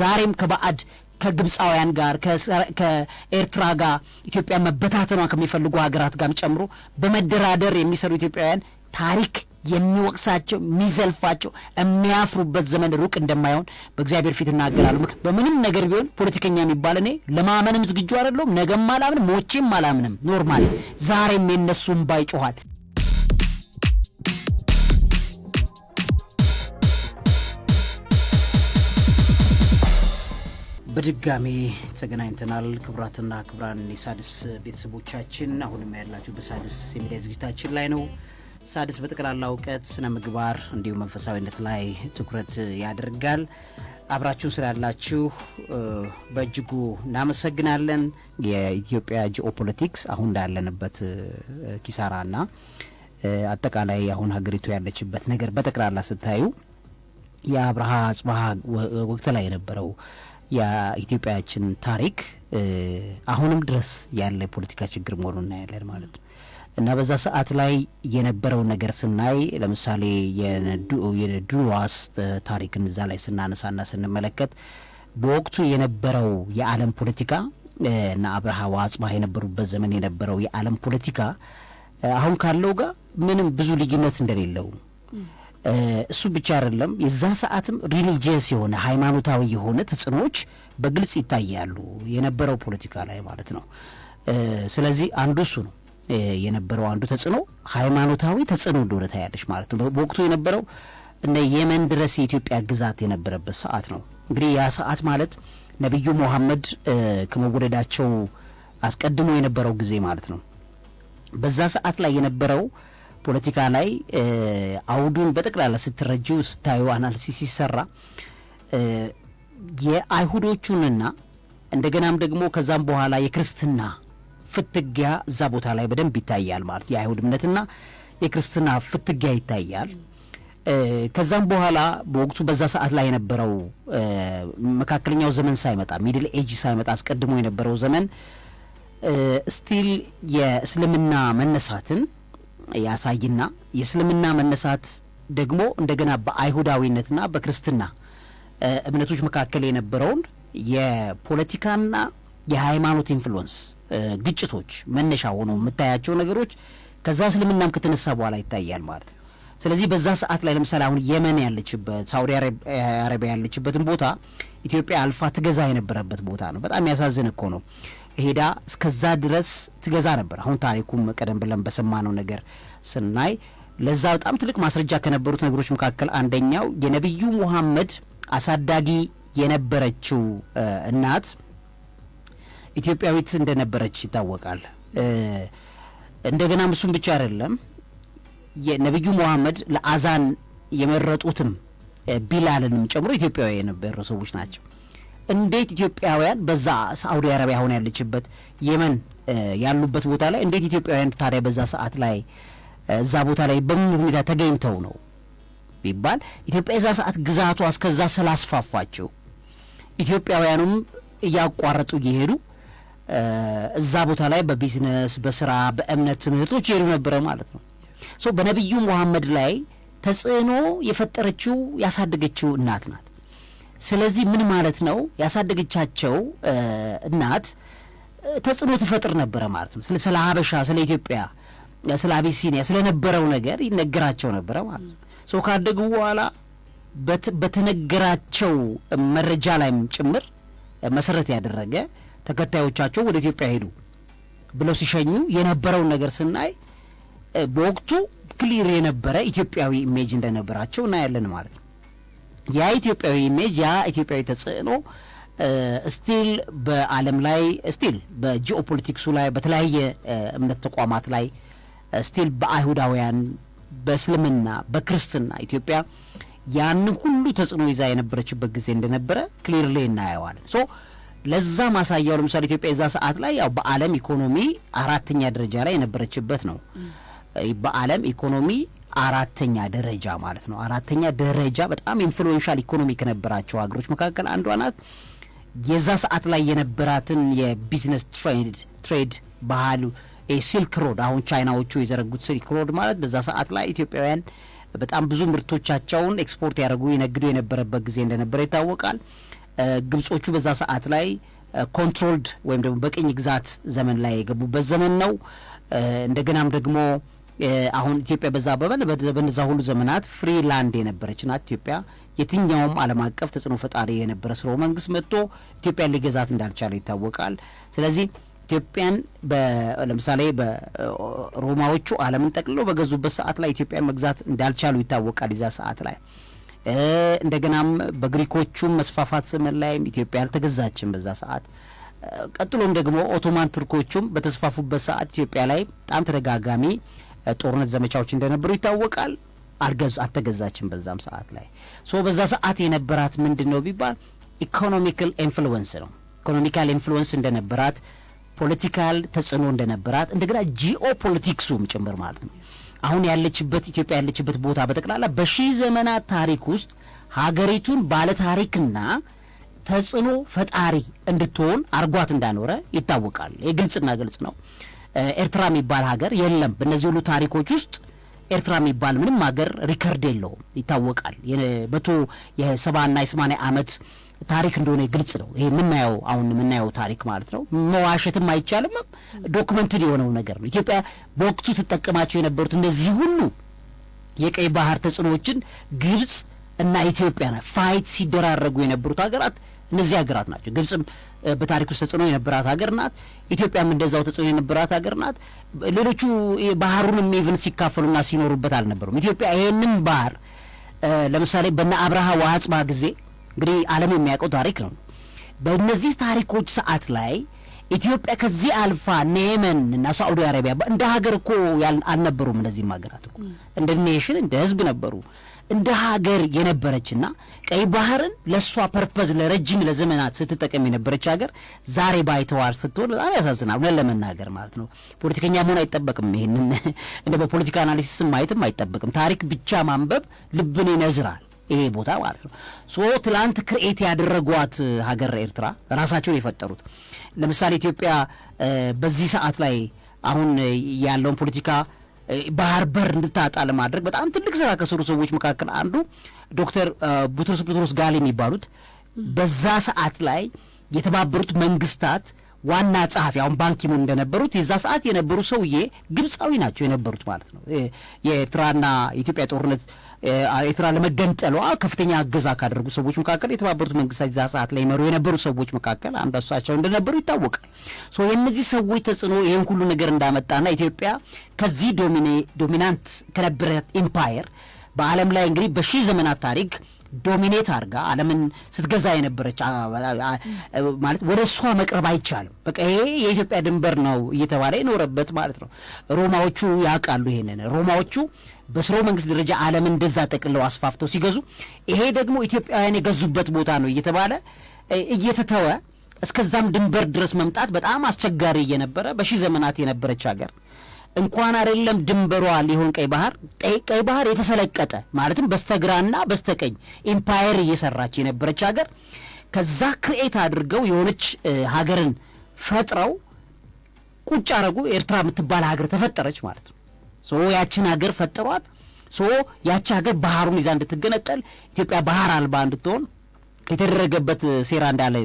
ዛሬም ከባዕድ ከግብፃውያን ጋር ከኤርትራ ጋር ኢትዮጵያ መበታተኗ ከሚፈልጉ ሀገራት ጋርም ጨምሮ በመደራደር የሚሰሩ ኢትዮጵያውያን ታሪክ የሚወቅሳቸው የሚዘልፋቸው የሚያፍሩበት ዘመን ሩቅ እንደማይሆን በእግዚአብሔር ፊት እናገራሉ። በምንም ነገር ቢሆን ፖለቲከኛ የሚባል እኔ ለማመንም ዝግጁ አይደለሁም። ነገም አላምንም፣ ሞቼም አላምንም። ኖርማል ዛሬም የነሱም ባይጮኋል በድጋሚ ተገናኝተናል። ክብራትና ክብራን የሳድስ ቤተሰቦቻችን አሁንም ያላችሁ በሳድስ የሚዲያ ዝግጅታችን ላይ ነው። ሳድስ በጠቅላላ እውቀት፣ ስነ ምግባር እንዲሁም መንፈሳዊነት ላይ ትኩረት ያደርጋል። አብራችሁን ስላላችሁ በእጅጉ እናመሰግናለን። የኢትዮጵያ ጂኦፖለቲክስ አሁን እንዳለንበት ኪሳራና አጠቃላይ አሁን ሀገሪቱ ያለችበት ነገር በጠቅላላ ስታዩ የአብርሃ አጽብሃ ወቅት ላይ የነበረው የኢትዮጵያችን ታሪክ አሁንም ድረስ ያለ የፖለቲካ ችግር መሆኑን እናያለን ማለት ነው እና በዛ ሰዓት ላይ የነበረው ነገር ስናይ ለምሳሌ የዱዋስ ታሪክን እዛ ላይ ስናነሳና ስንመለከት በወቅቱ የነበረው የዓለም ፖለቲካ እና አብርሃ ወአጽብሃ የነበሩበት ዘመን የነበረው የዓለም ፖለቲካ አሁን ካለው ጋር ምንም ብዙ ልዩነት እንደሌለው እሱ ብቻ አይደለም። የዛ ሰዓትም ሪሊጂየስ የሆነ ሃይማኖታዊ የሆነ ተጽዕኖዎች በግልጽ ይታያሉ የነበረው ፖለቲካ ላይ ማለት ነው። ስለዚህ አንዱ እሱ ነው የነበረው አንዱ ተጽዕኖ ሃይማኖታዊ ተጽዕኖ እንደሆነ ታያለች ማለት ነው። በወቅቱ የነበረው እነ የመን ድረስ የኢትዮጵያ ግዛት የነበረበት ሰዓት ነው። እንግዲህ ያ ሰዓት ማለት ነቢዩ ሙሐመድ ከመወለዳቸው አስቀድሞ የነበረው ጊዜ ማለት ነው። በዛ ሰዓት ላይ የነበረው ፖለቲካ ላይ አውዱን በጠቅላላ ስትረጁ ስታዩ አናልሲስ ሲሰራ የአይሁዶቹንና እንደገናም ደግሞ ከዛም በኋላ የክርስትና ፍትጊያ እዛ ቦታ ላይ በደንብ ይታያል። ማለት የአይሁድ እምነትና የክርስትና ፍትጊያ ይታያል። ከዛም በኋላ በወቅቱ በዛ ሰዓት ላይ የነበረው መካከለኛው ዘመን ሳይመጣ ሚድል ኤጅ ሳይመጣ አስቀድሞ የነበረው ዘመን ስቲል የእስልምና መነሳትን ያሳይና የእስልምና መነሳት ደግሞ እንደገና በአይሁዳዊነትና በክርስትና እምነቶች መካከል የነበረውን የፖለቲካና የሃይማኖት ኢንፍሉወንስ ግጭቶች መነሻ ሆኖ የምታያቸው ነገሮች ከዛ እስልምናም ከተነሳ በኋላ ይታያል ማለት ነው። ስለዚህ በዛ ሰዓት ላይ ለምሳሌ አሁን የመን ያለችበት ሳውዲ አረቢያ ያለችበትን ቦታ ኢትዮጵያ አልፋ ትገዛ የነበረበት ቦታ ነው። በጣም ያሳዝን እኮ ነው። ሄዳ እስከዛ ድረስ ትገዛ ነበር። አሁን ታሪኩም ቀደም ብለን በሰማነው ነገር ስናይ ለዛ በጣም ትልቅ ማስረጃ ከነበሩት ነገሮች መካከል አንደኛው የነቢዩ ሙሐመድ አሳዳጊ የነበረችው እናት ኢትዮጵያዊት እንደነበረች ይታወቃል። እንደገና እሱም ብቻ አይደለም የነቢዩ ሙሐመድ ለአዛን የመረጡትም ቢላልንም ጨምሮ ኢትዮጵያዊ የነበሩ ሰዎች ናቸው። እንዴት ኢትዮጵያውያን በዛ ሳዑዲ አረቢያ አሁን ያለችበት የመን ያሉበት ቦታ ላይ እንዴት ኢትዮጵያውያን ታዲያ በዛ ሰዓት ላይ እዛ ቦታ ላይ በምን ሁኔታ ተገኝተው ነው ቢባል ኢትዮጵያ የዛ ሰዓት ግዛቷ እስከዛ ስላስፋፋቸው ኢትዮጵያውያኑም እያቋረጡ እየሄዱ እዛ ቦታ ላይ በቢዝነስ፣ በስራ፣ በእምነት ትምህርቶች ይሄዱ ነበረ ማለት ነው። ሶ በነቢዩ መሐመድ ላይ ተጽዕኖ የፈጠረችው ያሳደገችው እናት ናት። ስለዚህ ምን ማለት ነው? ያሳደገቻቸው እናት ተጽዕኖ ትፈጥር ነበረ ማለት ነው። ስለ ሀበሻ፣ ስለ ኢትዮጵያ፣ ስለ አቢሲኒያ ስለነበረው ነገር ይነገራቸው ነበረ ማለት ነው። ሰው ካደጉ በኋላ በተነገራቸው መረጃ ላይም ጭምር መሰረት ያደረገ ተከታዮቻቸው ወደ ኢትዮጵያ ሄዱ ብለው ሲሸኙ የነበረውን ነገር ስናይ በወቅቱ ክሊር የነበረ ኢትዮጵያዊ ኢሜጅ እንደነበራቸው እናያለን ማለት ነው። ያ ኢትዮጵያዊ ኢሜጅ ያ ኢትዮጵያዊ ተጽዕኖ ስቲል በዓለም ላይ ስቲል በጂኦፖለቲክሱ ላይ በተለያየ እምነት ተቋማት ላይ ስቲል በአይሁዳውያን፣ በእስልምና፣ በክርስትና ኢትዮጵያ ያንን ሁሉ ተጽዕኖ ይዛ የነበረችበት ጊዜ እንደነበረ ክሊርሊ እናየዋለን። ሶ ለዛ ማሳያው ለምሳሌ ኢትዮጵያ የዛ ሰዓት ላይ ያው በዓለም ኢኮኖሚ አራተኛ ደረጃ ላይ የነበረችበት ነው። በዓለም ኢኮኖሚ አራተኛ ደረጃ ማለት ነው። አራተኛ ደረጃ በጣም ኢንፍሉዌንሻል ኢኮኖሚ ከነበራቸው ሀገሮች መካከል አንዷ ናት። የዛ ሰዓት ላይ የነበራትን የቢዝነስ ትሬድ ባህሉ ሲልክ ሮድ፣ አሁን ቻይናዎቹ የዘረጉት ሲልክ ሮድ ማለት በዛ ሰዓት ላይ ኢትዮጵያውያን በጣም ብዙ ምርቶቻቸውን ኤክስፖርት ያደርጉ ይነግዱ የነበረበት ጊዜ እንደነበረ ይታወቃል። ግብጾቹ በዛ ሰዓት ላይ ኮንትሮልድ ወይም ደግሞ በቅኝ ግዛት ዘመን ላይ የገቡበት ዘመን ነው። እንደገናም ደግሞ አሁን ኢትዮጵያ በዛ በበል በነዛ ሁሉ ዘመናት ፍሪ ላንድ የነበረች ናት ኢትዮጵያ። የትኛውም ዓለም አቀፍ ተጽዕኖ ፈጣሪ የነበረ ስርወ መንግስት መጥቶ ኢትዮጵያን ሊገዛት እንዳልቻለ ይታወቃል። ስለዚህ ኢትዮጵያን ለምሳሌ በሮማዎቹ ዓለምን ጠቅልሎ በገዙበት ሰዓት ላይ ኢትዮጵያን መግዛት እንዳልቻሉ ይታወቃል። ይዛ ሰዓት ላይ እንደገናም በግሪኮቹም መስፋፋት ዘመን ላይም ኢትዮጵያ አልተገዛችም በዛ ሰዓት። ቀጥሎም ደግሞ ኦቶማን ቱርኮቹም በተስፋፉበት ሰዓት ኢትዮጵያ ላይ በጣም ተደጋጋሚ ጦርነት ዘመቻዎች እንደነበሩ ይታወቃል። አርገዝ አልተገዛችም። በዛም ሰዓት ላይ ሶ በዛ ሰዓት የነበራት ምንድን ነው ቢባል ኢኮኖሚካል ኢንፍሉወንስ ነው። ኢኮኖሚካል ኢንፍሉወንስ እንደነበራት፣ ፖለቲካል ተጽዕኖ እንደነበራት እንደገና ጂኦ ፖለቲክሱም ጭምር ማለት ነው። አሁን ያለችበት ኢትዮጵያ ያለችበት ቦታ በጠቅላላ በሺህ ዘመናት ታሪክ ውስጥ ሀገሪቱን ባለታሪክና ተጽዕኖ ፈጣሪ እንድትሆን አርጓት እንዳኖረ ይታወቃል። የግልጽና ግልጽ ነው። ኤርትራ የሚባል ሀገር የለም። በእነዚህ ሁሉ ታሪኮች ውስጥ ኤርትራ የሚባል ምንም ሀገር ሪከርድ የለውም። ይታወቃል። መቶ የሰባና የሰማንያ ዓመት ታሪክ እንደሆነ ግልጽ ነው። ይሄ የምናየው አሁን የምናየው ታሪክ ማለት ነው። መዋሸትም አይቻልም። ዶክመንትን የሆነው ነገር ነው። ኢትዮጵያ በወቅቱ ትጠቀማቸው የነበሩት እነዚህ ሁሉ የቀይ ባህር ተጽዕኖዎችን ግብጽ እና ኢትዮጵያ ፋይት ሲደራረጉ የነበሩት ሀገራት እነዚህ ሀገራት ናቸው። ግብጽም በታሪክ ውስጥ ተጽዕኖ የነበራት ሀገር ናት። ኢትዮጵያም እንደዛው ተጽዕኖ የነበራት ሀገር ናት። ሌሎቹ ባህሩንም ኢቭን ሲካፈሉና ሲኖሩበት አልነበሩም። ኢትዮጵያ ይህንም ባህር ለምሳሌ በነ አብርሃ ወአጽብሃ ጊዜ እንግዲህ ዓለም የሚያውቀው ታሪክ ነው። በእነዚህ ታሪኮች ሰዓት ላይ ኢትዮጵያ ከዚህ አልፋ ኔመን እና ሳዑዲ አረቢያ እንደ ሀገር እኮ አልነበሩም። እነዚህም ሀገራት እኮ እንደ ኔሽን እንደ ህዝብ ነበሩ። እንደ ሀገር የነበረችና ቀይ ባህርን ለእሷ ፐርፐዝ ለረጅም ለዘመናት ስትጠቀም የነበረች ሀገር ዛሬ ባይተዋር ስትሆን በጣም ያሳዝናል። ሁነን ለመናገር ማለት ነው። ፖለቲከኛ መሆን አይጠበቅም። ይህንን እንደ በፖለቲካ አናሊሲስ ማየትም አይጠበቅም። ታሪክ ብቻ ማንበብ ልብን ይነዝራል። ይሄ ቦታ ማለት ነው። ሶ ትላንት ክርኤት ያደረጓት ሀገር ኤርትራ ራሳቸውን የፈጠሩት ለምሳሌ ኢትዮጵያ በዚህ ሰዓት ላይ አሁን ያለውን ፖለቲካ ባህር በር እንድታጣ ለማድረግ በጣም ትልቅ ስራ ከሰሩ ሰዎች መካከል አንዱ ዶክተር ቡትሮስ ቡትሮስ ጋል የሚባሉት በዛ ሰዓት ላይ የተባበሩት መንግስታት ዋና ጸሐፊ አሁን ባንኪሙን እንደነበሩት የዛ ሰዓት የነበሩ ሰውዬ ግብፃዊ ናቸው የነበሩት ማለት ነው። የኤርትራና የኢትዮጵያ ጦርነት ኤርትራ ለመገንጠሏ ከፍተኛ እገዛ ካደረጉ ሰዎች መካከል የተባበሩት መንግስታት ዛ ሰዓት ላይ መሩ የነበሩ ሰዎች መካከል አንዱ እሳቸው እንደነበሩ ይታወቃል። ሶ የእነዚህ ሰዎች ተጽዕኖ ይህን ሁሉ ነገር እንዳመጣና ኢትዮጵያ ከዚህ ዶሚናንት ከነበረት ኢምፓየር በዓለም ላይ እንግዲህ በሺህ ዘመናት ታሪክ ዶሚኔት አድርጋ ዓለምን ስትገዛ የነበረች ማለት ወደ እሷ መቅረብ አይቻልም። በቃ ይሄ የኢትዮጵያ ድንበር ነው እየተባለ የኖረበት ማለት ነው። ሮማዎቹ ያውቃሉ ይሄንን ሮማዎቹ በስርወ መንግስት ደረጃ ዓለምን እንደዛ ጠቅልለው አስፋፍተው ሲገዙ ይሄ ደግሞ ኢትዮጵያውያን የገዙበት ቦታ ነው እየተባለ እየተተወ እስከዛም ድንበር ድረስ መምጣት በጣም አስቸጋሪ እየነበረ በሺ ዘመናት የነበረች ሀገር እንኳን አይደለም ድንበሯ ሊሆን ቀይ ባህር ቀይ ባህር የተሰለቀጠ ማለትም በስተግራና በስተቀኝ ኢምፓየር እየሰራች የነበረች ሀገር ከዛ ክርኤት አድርገው የሆነች ሀገርን ፈጥረው ቁጭ አረጉ። ኤርትራ የምትባል ሀገር ተፈጠረች ማለት ነው። ሶ ያችን ሀገር ፈጠሯት። ሶ ያቺ ሀገር ባህሩን ይዛ እንድትገነጠል ኢትዮጵያ ባህር አልባ እንድትሆን የተደረገበት ሴራ እንዳለ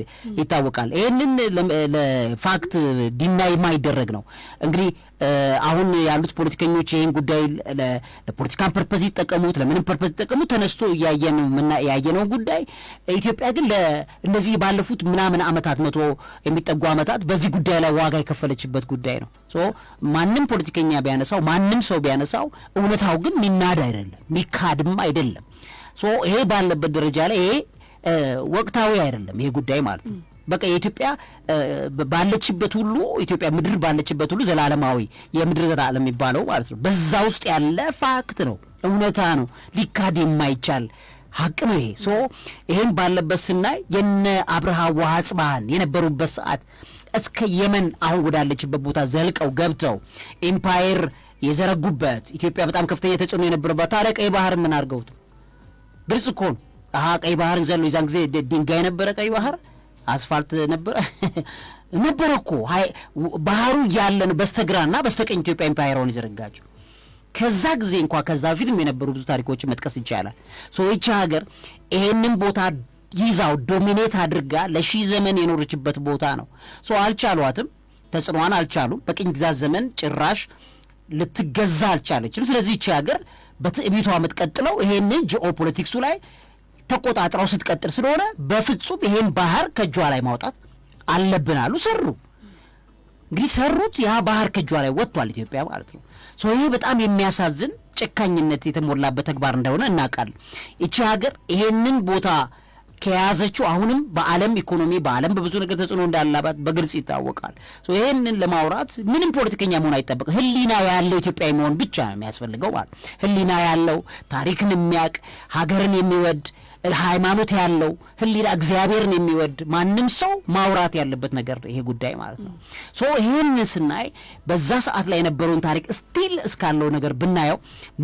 ይታወቃል። ይህንን ለፋክት ዲናይ የማይደረግ ነው። እንግዲህ አሁን ያሉት ፖለቲከኞች ይህን ጉዳይ ለፖለቲካ ፐርፐዝ ይጠቀሙት፣ ለምንም ፐርፐዝ ይጠቀሙት ተነስቶ ያየነው ጉዳይ ኢትዮጵያ ግን እነዚህ ባለፉት ምናምን ዓመታት መቶ የሚጠጉ ዓመታት በዚህ ጉዳይ ላይ ዋጋ የከፈለችበት ጉዳይ ነው። ማንም ፖለቲከኛ ቢያነሳው፣ ማንም ሰው ቢያነሳው እውነታው ግን ሚናድ አይደለም፣ ሚካድም አይደለም። ይሄ ባለበት ደረጃ ላይ ይሄ ወቅታዊ አይደለም ይሄ ጉዳይ ማለት ነው። በቃ የኢትዮጵያ ባለችበት ሁሉ ኢትዮጵያ ምድር ባለችበት ሁሉ ዘላለማዊ የምድር ዘላለም የሚባለው ማለት ነው። በዛ ውስጥ ያለ ፋክት ነው፣ እውነታ ነው፣ ሊካድ የማይቻል ሀቅ ነው ይሄ። ሶ ይሄን ባለበት ስናይ የነ አብርሃ ወአጽብሃን የነበሩበት ሰዓት እስከ የመን አሁን ወዳለችበት ቦታ ዘልቀው ገብተው ኤምፓየር የዘረጉበት ኢትዮጵያ በጣም ከፍተኛ ተጽዕኖ የነበረባት ታዲያ ቀይ ባህር ምን አድርገውት እኮ ነው ቀይ ባህርን ዘሎ የዛን ጊዜ ድንጋይ ነበረ፣ ቀይ ባህር አስፋልት ነበረ ነበረ እኮ ባህሩ ያለን ነው በስተግራና በስተቀኝ ኢትዮጵያ ኢምፓየራውን የዘረጋችው። ከዛ ጊዜ እንኳ ከዛ በፊትም የነበሩ ብዙ ታሪኮችን መጥቀስ ይቻላል። ሶ ይቺ ሀገር ይሄንን ቦታ ይዛው ዶሚኔት አድርጋ ለሺ ዘመን የኖረችበት ቦታ ነው። ሶ አልቻሏትም፣ ተጽዕኗን አልቻሉም። በቅኝ ግዛት ዘመን ጭራሽ ልትገዛ አልቻለችም። ስለዚህ ይቺ ሀገር በትዕቢቷ የምትቀጥለው ይሄንን ጂኦፖለቲክሱ ላይ ተቆጣጥረው ስትቀጥል ስለሆነ በፍጹም ይሄን ባህር ከእጇ ላይ ማውጣት አለብን አሉ። ሰሩ። እንግዲህ ሰሩት። ያ ባህር ከእጇ ላይ ወጥቷል፣ ኢትዮጵያ ማለት ነው። ይሄ በጣም የሚያሳዝን ጨካኝነት የተሞላበት ተግባር እንደሆነ እናውቃለን። ይቺ ሀገር ይሄንን ቦታ ከያዘችው አሁንም በዓለም ኢኮኖሚ በዓለም በብዙ ነገር ተጽዕኖ እንዳላባት በግልጽ ይታወቃል። ይህንን ለማውራት ምንም ፖለቲከኛ መሆን አይጠበቅ። ህሊና ያለው ኢትዮጵያዊ መሆን ብቻ ነው የሚያስፈልገው ማለት ህሊና ያለው ታሪክን የሚያውቅ ሀገርን የሚወድ ሃይማኖት ያለው ህሊና እግዚአብሔርን የሚወድ ማንም ሰው ማውራት ያለበት ነገር ይሄ ጉዳይ ማለት ነው። ሶ ይህንን ስናይ በዛ ሰዓት ላይ የነበረውን ታሪክ ስቲል እስካለው ነገር ብናየው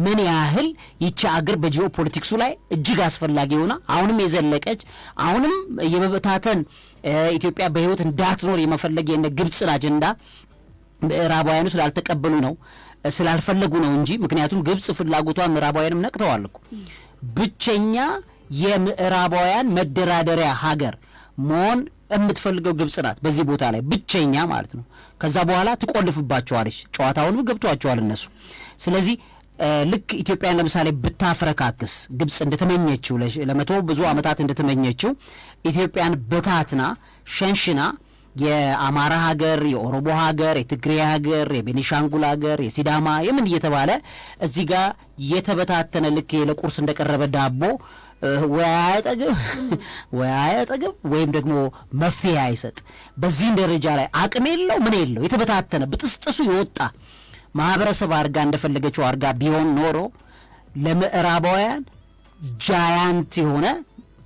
ምን ያህል ይቺ አገር በጂኦ ፖለቲክሱ ላይ እጅግ አስፈላጊ ሆና አሁንም የዘለቀች አሁንም የመበታተን ኢትዮጵያ በህይወት እንዳትኖር የመፈለግ የነ ግብፅን አጀንዳ ምዕራባውያኑ ስላልተቀበሉ ነው ስላልፈለጉ ነው እንጂ ምክንያቱም ግብፅ ፍላጎቷ ምዕራባውያንም ነቅተዋል እኮ ብቸኛ የምዕራባውያን መደራደሪያ ሀገር መሆን የምትፈልገው ግብጽ ናት። በዚህ ቦታ ላይ ብቸኛ ማለት ነው። ከዛ በኋላ ትቆልፍባቸዋለች። ጨዋታውንም ገብቷቸዋል እነሱ። ስለዚህ ልክ ኢትዮጵያን ለምሳሌ ብታፍረካክስ ግብጽ እንደተመኘችው ለመቶ ብዙ ዓመታት እንደተመኘችው ኢትዮጵያን በታትና ሸንሽና የአማራ ሀገር፣ የኦሮሞ ሀገር፣ የትግሬ ሀገር፣ የቤኒሻንጉል ሀገር፣ የሲዳማ የምን እየተባለ እዚህ ጋር የተበታተነ ልክ ለቁርስ እንደቀረበ ዳቦ ወይ አያጠግብ ወይ አያጠግብ ወይም ደግሞ መፍትሄ አይሰጥ። በዚህም ደረጃ ላይ አቅም የለው ምን የለው የተበታተነ ብጥስጥሱ የወጣ ማህበረሰብ አድርጋ እንደፈለገችው አድርጋ ቢሆን ኖሮ ለምዕራባውያን ጃያንት የሆነ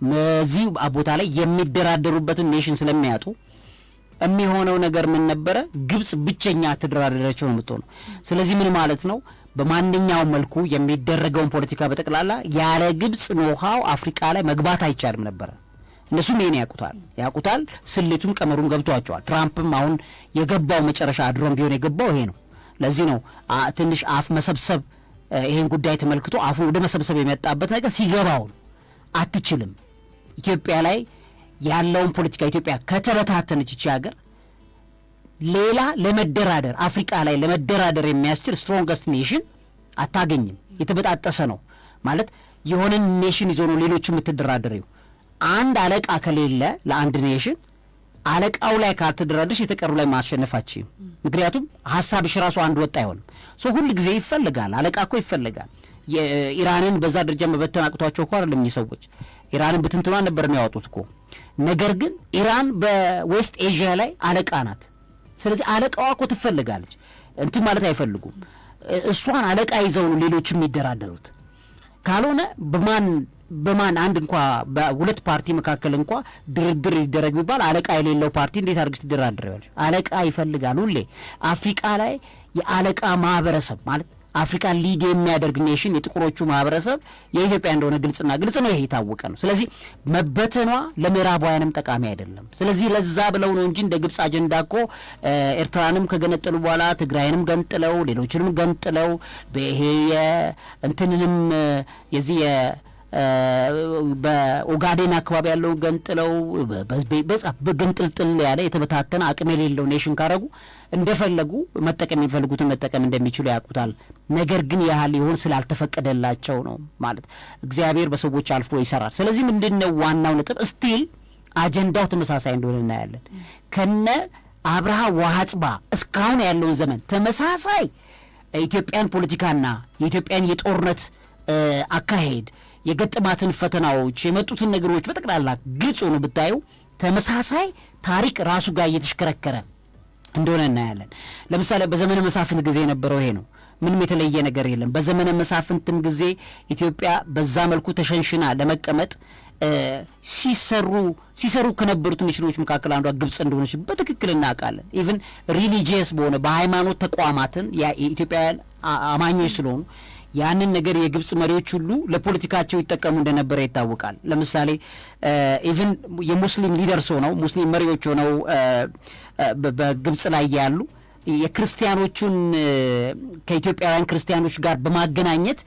በዚህ ቦታ ላይ የሚደራደሩበትን ኔሽን ስለሚያጡ የሚሆነው ነገር ምን ነበረ? ግብጽ ብቸኛ ተደራደረችው ነው የምትሆነው። ስለዚህ ምን ማለት ነው? በማንኛውም መልኩ የሚደረገውን ፖለቲካ በጠቅላላ ያለ ግብጽ ኖሃው አፍሪካ ላይ መግባት አይቻልም ነበረ። እነሱም ይሄን ያውቁታል ያውቁታል። ስሌቱም ቀመሩም ገብቷቸዋል። ትራምፕም አሁን የገባው መጨረሻ አድሮም ቢሆን የገባው ይሄ ነው። ለዚህ ነው ትንሽ አፍ መሰብሰብ ይሄን ጉዳይ ተመልክቶ አፉን ወደ መሰብሰብ የመጣበት ነገር ሲገባውን አትችልም ኢትዮጵያ ላይ ያለውን ፖለቲካ ኢትዮጵያ ከተበታተነች ይቺ ሀገር ሌላ ለመደራደር አፍሪቃ ላይ ለመደራደር የሚያስችል ስትሮንገስት ኔሽን አታገኝም። የተበጣጠሰ ነው ማለት የሆነን ኔሽን ይዞ ነው ሌሎች የምትደራደሪው። አንድ አለቃ ከሌለ ለአንድ ኔሽን አለቃው ላይ ካልተደራደርሽ የተቀሩ ላይ ማሸነፋችም። ምክንያቱም ሀሳብሽ ራሱ አንድ ወጥ አይሆንም። ሶ ሁል ጊዜ ይፈልጋል፣ አለቃ እኮ ይፈልጋል። የኢራንን በዛ ደረጃ መበተን አቅቷቸው እኮ አይደለም ሰዎች ኢራንን ብትንትኗ ነበር የሚያወጡት እኮ። ነገር ግን ኢራን በዌስት ኤዥያ ላይ አለቃ ናት። ስለዚህ አለቃዋ እኮ ትፈልጋለች። እንትን ማለት አይፈልጉም። እሷን አለቃ ይዘው ነው ሌሎች የሚደራደሩት። ካልሆነ በማን በማን አንድ እንኳ በሁለት ፓርቲ መካከል እንኳ ድርድር ይደረግ ቢባል አለቃ የሌለው ፓርቲ እንዴት አድርግሽ ትደራድረዋለሽ? አለቃ ይፈልጋል። ሁሌ አፍሪቃ ላይ የአለቃ ማህበረሰብ ማለት አፍሪካን ሊድ የሚያደርግ ኔሽን የጥቁሮቹ ማህበረሰብ የኢትዮጵያ እንደሆነ ግልጽና ግልጽ ነው። ይሄ የታወቀ ነው። ስለዚህ መበተኗ ለምዕራባውያንም ጠቃሚ አይደለም። ስለዚህ ለዛ ብለው ነው እንጂ እንደ ግብጽ አጀንዳ እኮ ኤርትራንም ከገነጠሉ በኋላ ትግራይንም ገንጥለው ሌሎችንም ገንጥለው ይሄ እንትንንም የዚህ በኦጋዴን አካባቢ ያለው ገንጥለው በገንጥልጥል ያለ የተበታተነ አቅም የሌለው ኔሽን ካረጉ እንደፈለጉ መጠቀም የሚፈልጉትን መጠቀም እንደሚችሉ ያውቁታል። ነገር ግን ያህል ይሆን ስላልተፈቀደላቸው ነው ማለት እግዚአብሔር በሰዎች አልፎ ይሰራል። ስለዚህ ምንድን ነው ዋናው ነጥብ? ስቲል አጀንዳው ተመሳሳይ እንደሆነ እናያለን። ከነ አብርሃ ወአጽብሃ እስካሁን ያለውን ዘመን ተመሳሳይ የኢትዮጵያን ፖለቲካና የኢትዮጵያን የጦርነት አካሄድ የገጠማትን ፈተናዎች የመጡትን ነገሮች በጠቅላላ ግልጽ ሆኖ ብታየው ተመሳሳይ ታሪክ ራሱ ጋር እየተሽከረከረ እንደሆነ እናያለን። ለምሳሌ በዘመነ መሳፍንት ጊዜ የነበረው ይሄ ነው። ምንም የተለየ ነገር የለም። በዘመነ መሳፍንትም ጊዜ ኢትዮጵያ በዛ መልኩ ተሸንሽና ለመቀመጥ ሲሰሩ ሲሰሩ ከነበሩት ትንሽ መካከል አንዷ ግብጽ እንደሆነች በትክክል እናውቃለን። ኢቭን ሪሊጂየስ በሆነ በሃይማኖት ተቋማትን የኢትዮጵያውያን አማኞች ስለሆኑ ያንን ነገር የግብጽ መሪዎች ሁሉ ለፖለቲካቸው ይጠቀሙ እንደነበረ ይታወቃል። ለምሳሌ ኢቭን የሙስሊም ሊደርስ ሆነው ሙስሊም መሪዎች ሆነው በግብጽ ላይ ያሉ የክርስቲያኖቹን ከኢትዮጵያውያን ክርስቲያኖች ጋር በማገናኘት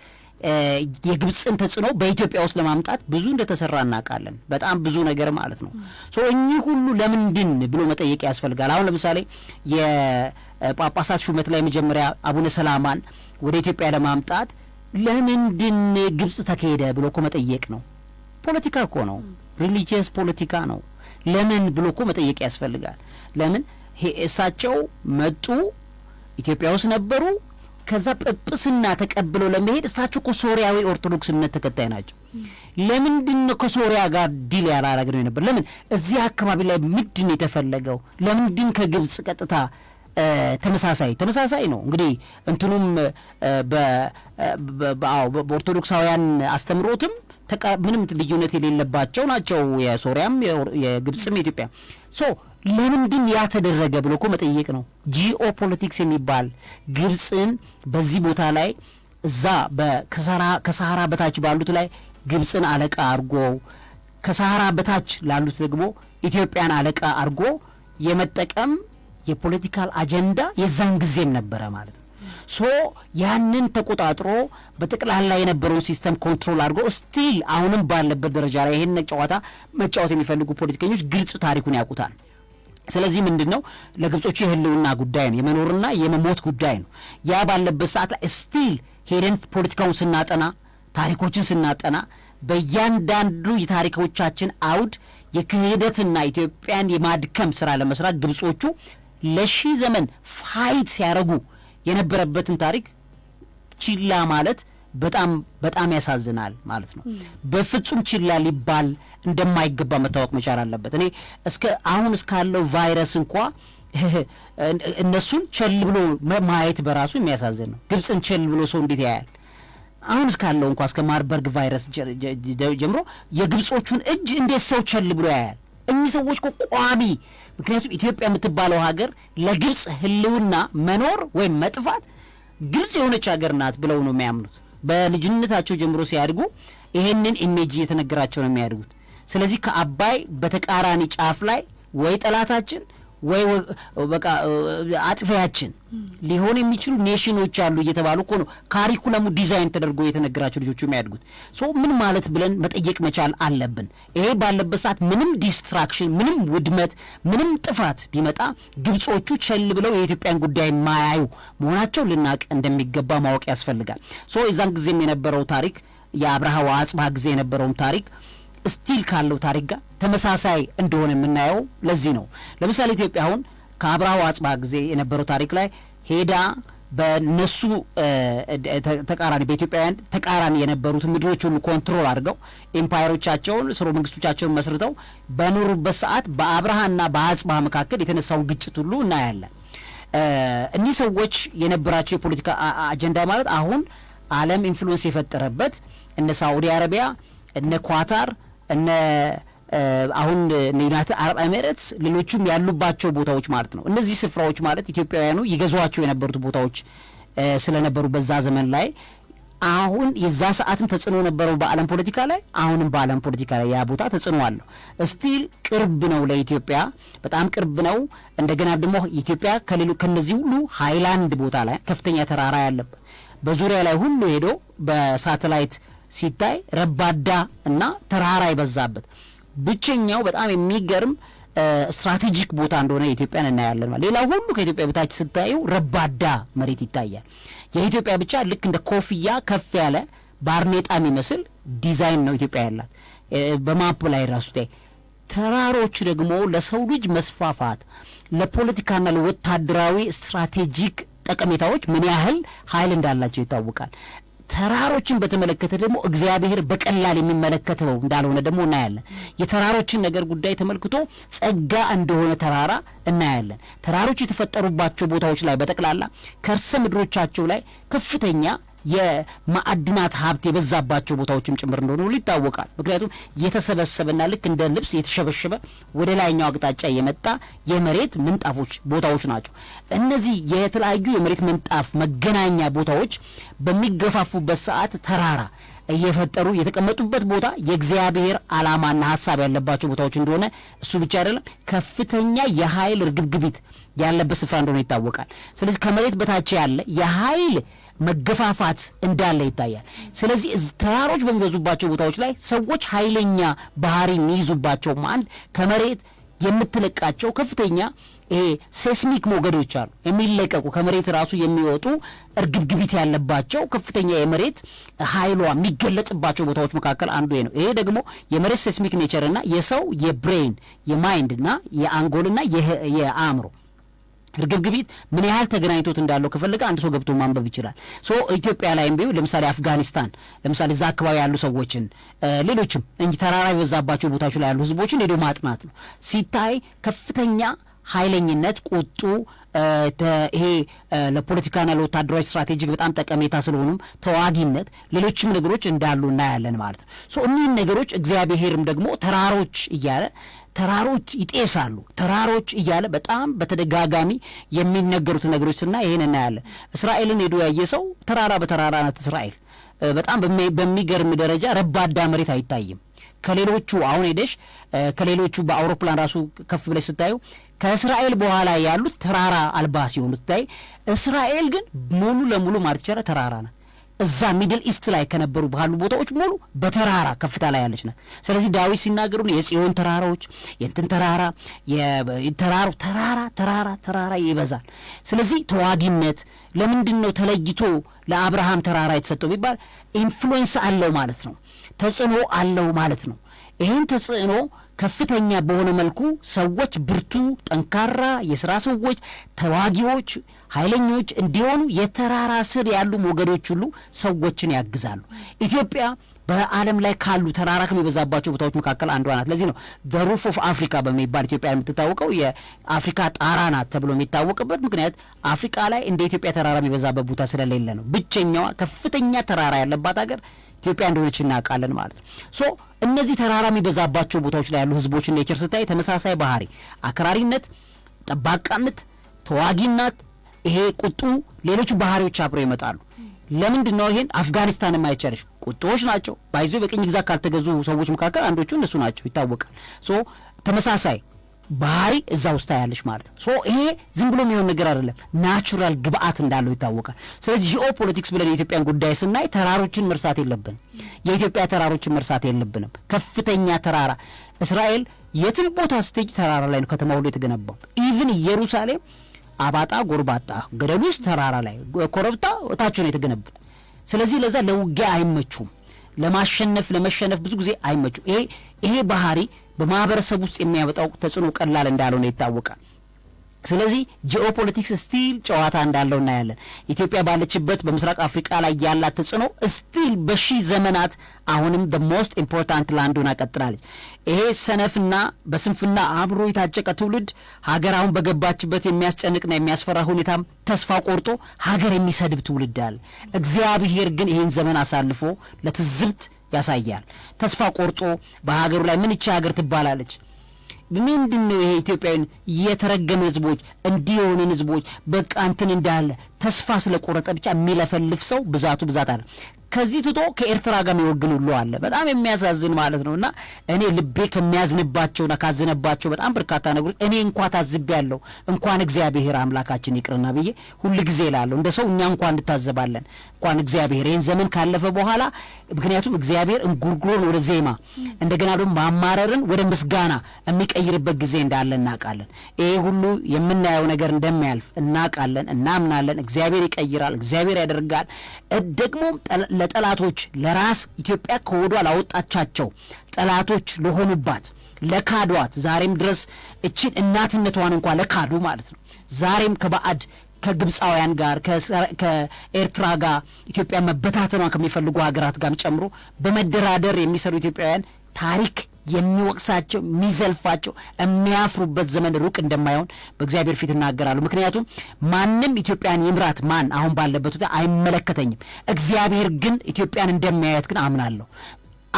የግብፅን ተጽዕኖ በኢትዮጵያ ውስጥ ለማምጣት ብዙ እንደተሰራ እናውቃለን። በጣም ብዙ ነገር ማለት ነው። እኚህ ሁሉ ለምንድን ብሎ መጠየቅ ያስፈልጋል። አሁን ለምሳሌ ጳጳሳት ሹመት ላይ መጀመሪያ አቡነ ሰላማን ወደ ኢትዮጵያ ለማምጣት ለምንድን ግብጽ ተካሄደ ብሎ እኮ መጠየቅ ነው። ፖለቲካ እኮ ነው፣ ሪሊጂየስ ፖለቲካ ነው። ለምን ብሎ እኮ መጠየቅ ያስፈልጋል። ለምን እሳቸው መጡ፣ ኢትዮጵያ ውስጥ ነበሩ። ከዛ ጵጵስና ተቀብለው ለመሄድ እሳቸው እኮ ሶሪያዊ ኦርቶዶክስ እምነት ተከታይ ናቸው። ለምንድን ነው ከሶሪያ ጋር ዲል ያላረግነው ነበር? ለምን እዚህ አካባቢ ላይ ምንድን የተፈለገው? ለምንድን ከግብጽ ቀጥታ ተመሳሳይ ተመሳሳይ ነው እንግዲህ እንትኑም በኦርቶዶክሳውያን አስተምሮትም ምንም ልዩነት የሌለባቸው ናቸው። የሶሪያም የግብፅም የኢትዮጵያ ሶ ለምንድን ያተደረገ ብሎ እኮ መጠየቅ ነው። ጂኦ ፖለቲክስ የሚባል ግብፅን በዚህ ቦታ ላይ እዛ ከሰሃራ በታች ባሉት ላይ ግብፅን አለቃ አድርጎ ከሰሃራ በታች ላሉት ደግሞ ኢትዮጵያን አለቃ አድርጎ የመጠቀም የፖለቲካል አጀንዳ የዛን ጊዜም ነበረ ማለት ነው። ሶ ያንን ተቆጣጥሮ በጠቅላላ የነበረውን ሲስተም ኮንትሮል አድርጎ ስቲል አሁንም ባለበት ደረጃ ላይ ይህን ጨዋታ መጫወት የሚፈልጉ ፖለቲከኞች ግልጽ ታሪኩን ያውቁታል። ስለዚህ ምንድን ነው ለግብጾቹ የህልውና ጉዳይ ነው፣ የመኖርና የመሞት ጉዳይ ነው። ያ ባለበት ሰዓት ላይ ስቲል ሄደን ፖለቲካውን ስናጠና፣ ታሪኮችን ስናጠና በእያንዳንዱ የታሪኮቻችን አውድ የክህደትና ኢትዮጵያን የማድከም ስራ ለመስራት ግብጾቹ ለሺ ዘመን ፋይት ሲያረጉ የነበረበትን ታሪክ ችላ ማለት በጣም በጣም ያሳዝናል ማለት ነው። በፍጹም ችላ ሊባል እንደማይገባ መታወቅ መቻል አለበት። እኔ እስከ አሁን እስካለው ቫይረስ እንኳ እነሱን ቸል ብሎ ማየት በራሱ የሚያሳዝን ነው። ግብፅን ቸል ብሎ ሰው እንዴት ያያል? አሁን እስካለው እንኳ እስከ ማርበርግ ቫይረስ ጀምሮ የግብጾቹን እጅ እንዴት ሰው ቸል ብሎ ያያል? እኚህ ሰዎች እኮ ቋሚ ምክንያቱም ኢትዮጵያ የምትባለው ሀገር ለግብፅ ህልውና መኖር ወይም መጥፋት ግልጽ የሆነች ሀገር ናት ብለው ነው የሚያምኑት። በልጅነታቸው ጀምሮ ሲያድጉ ይሄንን ኢሜጅ እየተነገራቸው ነው የሚያድጉት። ስለዚህ ከአባይ በተቃራኒ ጫፍ ላይ ወይ ጠላታችን ወይ በቃ አጥፊያችን ሊሆን የሚችሉ ኔሽኖች አሉ እየተባሉ እኮ ነው ካሪኩለሙ ዲዛይን ተደርጎ የተነገራቸው ልጆቹ የሚያድጉት። ሶ ምን ማለት ብለን መጠየቅ መቻል አለብን። ይሄ ባለበት ሰዓት ምንም ዲስትራክሽን፣ ምንም ውድመት፣ ምንም ጥፋት ቢመጣ ግብጾቹ ቸል ብለው የኢትዮጵያን ጉዳይ ማያዩ መሆናቸው ልናቅ እንደሚገባ ማወቅ ያስፈልጋል። ሶ የዛን ጊዜም የነበረው ታሪክ የአብርሃ ወአጽብሃ ጊዜ የነበረውም ታሪክ ስቲል ካለው ታሪክ ጋር ተመሳሳይ እንደሆነ የምናየው ለዚህ ነው። ለምሳሌ ኢትዮጵያ አሁን ከአብርሃ አጽባ ጊዜ የነበረው ታሪክ ላይ ሄዳ በነሱ ተቃራኒ በኢትዮጵያውያን ተቃራኒ የነበሩት ምድሮች ሁሉ ኮንትሮል አድርገው ኤምፓየሮቻቸውን ስሮ መንግስቶቻቸውን መስርተው በኖሩበት ሰዓት በአብርሃና በአጽባ መካከል የተነሳውን ግጭት ሁሉ እናያለን። እኒህ ሰዎች የነበራቸው የፖለቲካ አጀንዳ ማለት አሁን ዓለም ኢንፍሉዌንስ የፈጠረበት እነ ሳዑዲ አረቢያ እነ ኳታር እነ አሁን ዩናይትድ አረብ ኤሚሬትስ ሌሎቹም ያሉባቸው ቦታዎች ማለት ነው። እነዚህ ስፍራዎች ማለት ኢትዮጵያውያኑ ይገዟቸው የነበሩት ቦታዎች ስለነበሩ በዛ ዘመን ላይ አሁን የዛ ሰዓትም ተጽዕኖ ነበረው በዓለም ፖለቲካ ላይ፣ አሁንም በዓለም ፖለቲካ ላይ ያ ቦታ ተጽዕኖ አለው። እስቲል ቅርብ ነው ለኢትዮጵያ በጣም ቅርብ ነው። እንደገና ደግሞ ኢትዮጵያ ከነዚህ ሁሉ ሃይላንድ ቦታ ላይ ከፍተኛ ተራራ ያለበት በዙሪያ ላይ ሁሉ ሄዶ በሳተላይት ሲታይ ረባዳ እና ተራራ የበዛበት ብቸኛው በጣም የሚገርም ስትራቴጂክ ቦታ እንደሆነ የኢትዮጵያን እናያለን። ማለት ሌላው ሁሉ ከኢትዮጵያ በታች ስታዩ ረባዳ መሬት ይታያል። የኢትዮጵያ ብቻ ልክ እንደ ኮፍያ ከፍ ያለ ባርኔጣ የሚመስል ዲዛይን ነው ኢትዮጵያ ያላት በማፕ ላይ ራሱ ታይ። ተራሮች ደግሞ ለሰው ልጅ መስፋፋት ለፖለቲካና ለወታደራዊ ስትራቴጂክ ጠቀሜታዎች ምን ያህል ኃይል እንዳላቸው ይታወቃል። ተራሮችን በተመለከተ ደግሞ እግዚአብሔር በቀላል የሚመለከተው እንዳልሆነ ደግሞ እናያለን። የተራሮችን ነገር ጉዳይ ተመልክቶ ጸጋ እንደሆነ ተራራ እናያለን። ተራሮች የተፈጠሩባቸው ቦታዎች ላይ በጠቅላላ ከርሰ ምድሮቻቸው ላይ ከፍተኛ የማዕድናት ሀብት የበዛባቸው ቦታዎችም ጭምር እንደሆነ ሁሉ ይታወቃል። ምክንያቱም የተሰበሰበና ልክ እንደ ልብስ የተሸበሸበ ወደ ላይኛው አቅጣጫ የመጣ የመሬት ምንጣፎች ቦታዎች ናቸው። እነዚህ የተለያዩ የመሬት ምንጣፍ መገናኛ ቦታዎች በሚገፋፉበት ሰዓት ተራራ እየፈጠሩ የተቀመጡበት ቦታ የእግዚአብሔር ዓላማና ሀሳብ ያለባቸው ቦታዎች እንደሆነ እሱ ብቻ አይደለም፣ ከፍተኛ የኃይል ርግብግቢት ያለበት ስፍራ እንደሆነ ይታወቃል። ስለዚህ ከመሬት በታች ያለ የኃይል መገፋፋት እንዳለ ይታያል። ስለዚህ ተራሮች በሚበዙባቸው ቦታዎች ላይ ሰዎች ኃይለኛ ባህሪ የሚይዙባቸው አንድ ከመሬት የምትለቃቸው ከፍተኛ ይሄ ሴስሚክ ሞገዶች አሉ የሚለቀቁ ከመሬት ራሱ የሚወጡ እርግብግቢት ያለባቸው ከፍተኛ የመሬት ኃይሏ የሚገለጥባቸው ቦታዎች መካከል አንዱ ነው። ይሄ ደግሞ የመሬት ሴስሚክ ኔቸርና የሰው የብሬን የማይንድና የአንጎልና የአእምሮ እርግብግቢት ምን ያህል ተገናኝቶት እንዳለው ከፈለገ አንድ ሰው ገብቶ ማንበብ ይችላል። ሶ ኢትዮጵያ ላይም ቢሆን ለምሳሌ አፍጋኒስታን ለምሳሌ እዛ አካባቢ ያሉ ሰዎችን ሌሎችም እንጂ ተራራ የበዛባቸው ቦታዎች ላይ ያሉ ህዝቦችን ሄዶ ማጥናት ነው። ሲታይ ከፍተኛ ኃይለኝነት፣ ቁጡ ይሄ ለፖለቲካና ለወታደራዊ ስትራቴጂክ በጣም ጠቀሜታ ስለሆኑም ተዋጊነት፣ ሌሎችም ነገሮች እንዳሉ እናያለን ማለት ነው። እኒህን ነገሮች እግዚአብሔርም ደግሞ ተራሮች እያለ ተራሮች ይጤሳሉ ተራሮች እያለ በጣም በተደጋጋሚ የሚነገሩት ነገሮች ስና ይህን እናያለን። እስራኤልን ሄዶ ያየ ሰው ተራራ በተራራ ናት እስራኤል። በጣም በሚገርም ደረጃ ረባዳ መሬት አይታይም። ከሌሎቹ አሁን ሄደሽ ከሌሎቹ በአውሮፕላን ራሱ ከፍ ብለሽ ስታዩ ከእስራኤል በኋላ ያሉት ተራራ አልባ ሲሆኑ ስታይ፣ እስራኤል ግን ሙሉ ለሙሉ ማለት ይቻላል ተራራ ናት። እዛ ሚድል ኢስት ላይ ከነበሩ ባሉ ቦታዎች ሙሉ በተራራ ከፍታ ላይ ያለች ናት። ስለዚህ ዳዊት ሲናገሩ የጽዮን ተራራዎች የእንትን ተራራ ተራሩ ተራራ ተራራ ተራራ ይበዛል። ስለዚህ ተዋጊነት ለምንድን ነው ተለይቶ ለአብርሃም ተራራ የተሰጠው ቢባል ኢንፍሉዌንስ አለው ማለት ነው፣ ተጽዕኖ አለው ማለት ነው። ይህን ተጽዕኖ ከፍተኛ በሆነ መልኩ ሰዎች ብርቱ፣ ጠንካራ የስራ ሰዎች፣ ተዋጊዎች፣ ኃይለኞች እንዲሆኑ የተራራ ስር ያሉ ሞገዶች ሁሉ ሰዎችን ያግዛሉ። ኢትዮጵያ በዓለም ላይ ካሉ ተራራ የበዛባቸው ቦታዎች መካከል አንዷ ናት። ለዚህ ነው ሩፍ ኦፍ አፍሪካ በሚባል ኢትዮጵያ የምትታወቀው የአፍሪካ ጣራ ናት ተብሎ የሚታወቅበት ምክንያት አፍሪካ ላይ እንደ ኢትዮጵያ ተራራ የሚበዛበት ቦታ ስለሌለ ነው። ብቸኛዋ ከፍተኛ ተራራ ያለባት ሀገር ኢትዮጵያ እንደሆነች እናውቃለን ማለት ነው። ሶ እነዚህ ተራራ የሚበዛባቸው ቦታዎች ላይ ያሉ ህዝቦች ኔቸር ስታይ ተመሳሳይ ባህሪ፣ አክራሪነት፣ ጠባቃነት፣ ተዋጊነት፣ ይሄ ቁጡ፣ ሌሎች ባህሪዎች አብረው ይመጣሉ። ለምንድን ነው ይሄን አፍጋኒስታን የማይቻልሽ? ቁጦዎች ናቸው ባይዞ በቅኝ ግዛት ካልተገዙ ሰዎች መካከል አንዶቹ እነሱ ናቸው፣ ይታወቃል። ሶ ተመሳሳይ ባህሪ እዛ ውስጥ ያለሽ ማለት ነው። ሶ ይሄ ዝም ብሎ የሚሆን ነገር አይደለም፣ ናቹራል ግብአት እንዳለው ይታወቃል። ስለዚህ ጂኦ ፖለቲክስ ብለን የኢትዮጵያን ጉዳይ ስናይ ተራሮችን መርሳት የለብንም። የኢትዮጵያ ተራሮችን መርሳት የለብንም። ከፍተኛ ተራራ እስራኤል የትም ቦታ ስቴጅ ተራራ ላይ ነው ከተማ ሁሉ የተገነባው ኢቭን ኢየሩሳሌም አባጣ ጎርባጣ፣ ገደል ውስጥ ተራራ ላይ ኮረብታ እታች ነው የተገነቡት። ስለዚህ ለዛ ለውጊያ አይመቹም፣ ለማሸነፍ ለመሸነፍ ብዙ ጊዜ አይመቹም። ይሄ ባህሪ በማህበረሰብ ውስጥ የሚያመጣው ተጽዕኖ ቀላል እንዳልሆነ ይታወቃል። ስለዚህ ጂኦፖለቲክስ ስቲል ጨዋታ እንዳለው እናያለን። ኢትዮጵያ ባለችበት በምስራቅ አፍሪካ ላይ ያላት ተጽዕኖ ስቲል በሺህ ዘመናት አሁንም ደ ሞስት ኢምፖርታንት ላንዱን አቀጥላለች። ይሄ ሰነፍና በስንፍና አብሮ የታጨቀ ትውልድ ሀገር አሁን በገባችበት የሚያስጨንቅና የሚያስፈራ ሁኔታም ተስፋ ቆርጦ ሀገር የሚሰድብ ትውልድ አለ። እግዚአብሔር ግን ይህን ዘመን አሳልፎ ለትዝብት ያሳያል። ተስፋ ቆርጦ በሀገሩ ላይ ምን ይቺ ሀገር ትባላለች ምንድን ነው ይሄ? ኢትዮጵያዊን የተረገመ ህዝቦች እንዲሆንን ህዝቦች በቃ እንትን እንዳለ ተስፋ ስለቆረጠ ብቻ የሚለፈልፍ ሰው ብዛቱ ብዛት አለ። ከዚህ ትቶ ከኤርትራ ጋር የሚወግን ሁሉ አለ። በጣም የሚያሳዝን ማለት ነው። እና እኔ ልቤ ከሚያዝንባቸውና ካዝነባቸው በጣም በርካታ ነገሮች እኔ እንኳ ያለው እንኳን እግዚአብሔር አምላካችን ይቅርና ብዬ ጊዜ ላለሁ እንደ ሰው እኛ እንኳ እንታዘባለን። እንኳን እግዚአብሔር ይህን ዘመን ካለፈ በኋላ ምክንያቱም እግዚአብሔር እንጉርጉሮን ወደ ዜማ እንደገና ደግሞ ማማረርን ወደ ምስጋና የሚቀይርበት ጊዜ እንዳለ እናውቃለን። ይሄ ሁሉ የምናየው ነገር እንደሚያልፍ እናውቃለን፣ እናምናለን። እግዚአብሔር ይቀይራል፣ እግዚአብሔር ያደርጋል። ደግሞ ለጠላቶች ለራስ ኢትዮጵያ ከወዷ ላወጣቻቸው ጠላቶች ለሆኑባት ለካዷት ዛሬም ድረስ እችን እናትነቷን እንኳ ለካዱ ማለት ነው ዛሬም ከባዕድ ከግብፃውያን ጋር ከኤርትራ ጋር ኢትዮጵያ መበታተኗ ከሚፈልጉ ሀገራት ጋር ጨምሮ በመደራደር የሚሰሩ ኢትዮጵያውያን ታሪክ የሚወቅሳቸው የሚዘልፋቸው የሚያፍሩበት ዘመን ሩቅ እንደማይሆን በእግዚአብሔር ፊት እናገራሉ። ምክንያቱም ማንም ኢትዮጵያን ይምራት ማን አሁን ባለበት አይመለከተኝም። እግዚአብሔር ግን ኢትዮጵያን እንደሚያያት ግን አምናለሁ።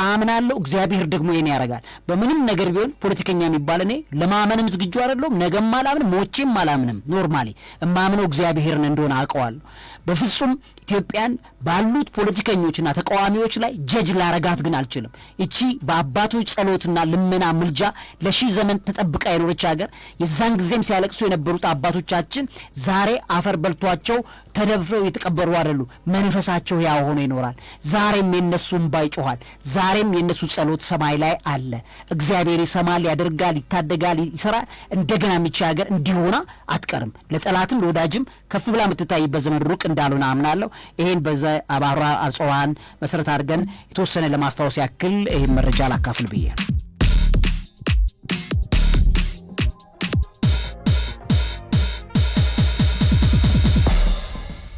አምናለሁ። እግዚአብሔር ደግሞ የኔ ያደርጋል። በምንም ነገር ቢሆን ፖለቲከኛ የሚባል እኔ ለማመንም ዝግጁ አይደለሁም። ነገም አላምንም፣ ሞቼም አላምንም። ኖርማሊ እማምነው እግዚአብሔርን እንደሆነ አውቀዋለሁ። በፍጹም ኢትዮጵያን ባሉት ፖለቲከኞችና ተቃዋሚዎች ላይ ጀጅ ላረጋት ግን አልችልም። እቺ በአባቶች ጸሎትና ልመና ምልጃ ለሺ ዘመን ተጠብቃ የኖረች ሀገር የዛን ጊዜም ሲያለቅሱ የነበሩት አባቶቻችን ዛሬ አፈር በልቷቸው ተደፍረው የተቀበሩ አይደሉ። መንፈሳቸው ያው ሆኖ ይኖራል። ዛሬም የነሱ እምባ ይጮኋል። ዛሬም የነሱ ጸሎት ሰማይ ላይ አለ። እግዚአብሔር ይሰማል፣ ያደርጋል፣ ይታደጋል፣ ይሰራል። እንደገና የሚቻ ሀገር እንዲሆና አትቀርም። ለጠላትም ለወዳጅም ከፍ ብላ የምትታይበት ዘመን ሩቅ እንዳልሆነ አምናለሁ። ይሄን በዛ አባራ አጽዋን መሰረት አድርገን የተወሰነ ለማስታወስ ያክል ይህን መረጃ ላካፍል ብዬ